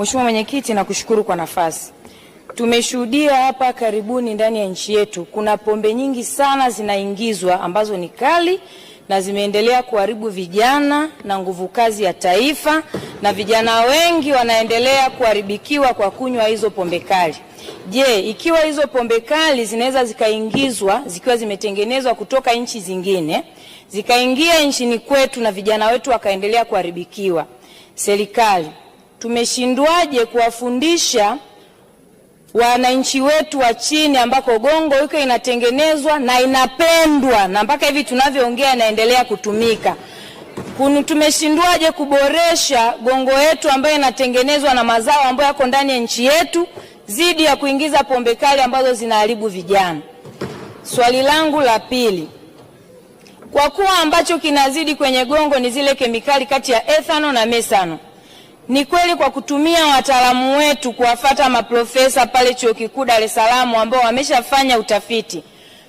Mheshimiwa Mwenyekiti, nakushukuru kwa nafasi. Tumeshuhudia hapa karibuni ndani ya nchi yetu kuna pombe nyingi sana zinaingizwa ambazo ni kali na zimeendelea kuharibu vijana na nguvu kazi ya taifa, na vijana wengi wanaendelea kuharibikiwa kwa kunywa hizo pombe kali. Je, ikiwa hizo pombe kali zinaweza zikaingizwa zikiwa zimetengenezwa kutoka nchi zingine zikaingia nchini kwetu na vijana wetu wakaendelea kuharibikiwa, serikali tumeshindwaje kuwafundisha wananchi wetu wa chini ambako gongo iko inatengenezwa na inapendwa na mpaka hivi tunavyoongea inaendelea kutumika. tumeshindwaje kuboresha gongo yetu ambayo inatengenezwa na mazao ambayo yako ndani ya nchi yetu zidi ya kuingiza pombe kali ambazo zinaharibu vijana. Swali langu la pili, kwa kuwa ambacho kinazidi kwenye gongo ni zile kemikali kati ya ethano na mesano ni kweli kwa kutumia wataalamu wetu kuwafata maprofesa pale Chuo Kikuu Dar es Salaam ambao wameshafanya utafiti,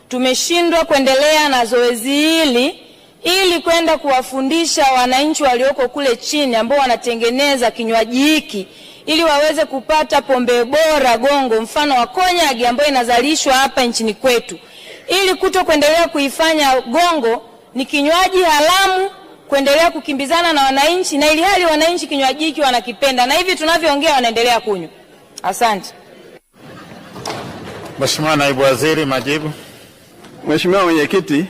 tumeshindwa kuendelea na zoezi hili ili kwenda kuwafundisha wananchi walioko kule chini ambao wanatengeneza kinywaji hiki ili waweze kupata pombe bora gongo, mfano wa konyagi ambayo inazalishwa hapa nchini kwetu, ili kuto kuendelea kuifanya gongo ni kinywaji haramu kuendelea kukimbizana na wananchi, na ili hali wananchi kinywaji hiki wanakipenda na hivi tunavyoongea wanaendelea kunywa. Asante. Mheshimiwa Naibu Waziri, majibu. Mheshimiwa Mwenyekiti,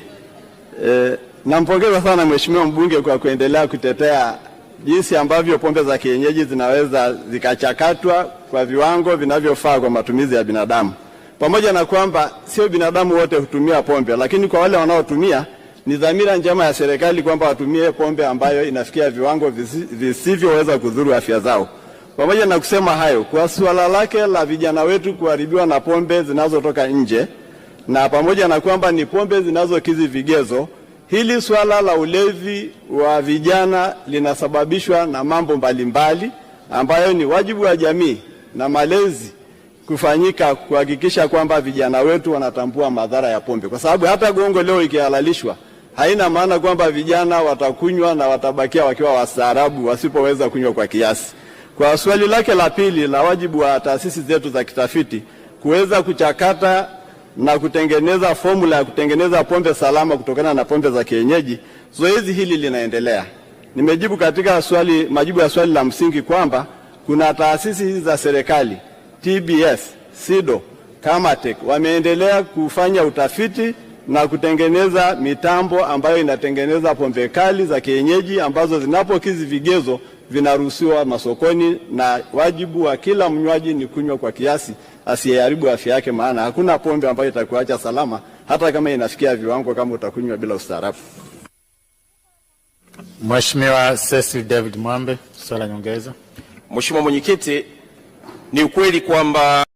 eh, nampongeza sana Mheshimiwa mbunge kwa kuendelea kutetea jinsi ambavyo pombe za kienyeji zinaweza zikachakatwa kwa viwango vinavyofaa kwa matumizi ya binadamu, pamoja na kwamba sio binadamu wote hutumia pombe, lakini kwa wale wanaotumia ni dhamira njema ya serikali kwamba watumie pombe ambayo inafikia viwango visivyoweza kudhuru afya zao. Pamoja na kusema hayo, kwa suala lake la vijana wetu kuharibiwa na pombe zinazotoka nje na pamoja na kwamba ni pombe zinazokizi vigezo, hili suala la ulevi wa vijana linasababishwa na mambo mbalimbali ambayo ni wajibu wa jamii na malezi kufanyika kuhakikisha kwamba vijana wetu wanatambua madhara ya pombe, kwa sababu hata gongo leo ikihalalishwa haina maana kwamba vijana watakunywa na watabakia wakiwa wastaarabu wasipoweza kunywa kwa kiasi. Kwa swali lake la pili la wajibu wa taasisi zetu za kitafiti kuweza kuchakata na kutengeneza fomula ya kutengeneza pombe salama kutokana na pombe za kienyeji, zoezi hili linaendelea. Nimejibu katika swali, majibu ya swali la msingi kwamba kuna taasisi hizi za serikali TBS, SIDO, Kamatek wameendelea kufanya utafiti na kutengeneza mitambo ambayo inatengeneza pombe kali za kienyeji ambazo zinapokizi vigezo vinaruhusiwa masokoni, na wajibu wa kila mnywaji ni kunywa kwa kiasi, asiyeharibu afya yake, maana hakuna pombe ambayo itakuacha salama hata kama inafikia viwango kama utakunywa bila ustaarabu. Mheshimiwa Cecil David Mwambe, swala nyongeza. Mheshimiwa Mwenyekiti, ni ukweli kwamba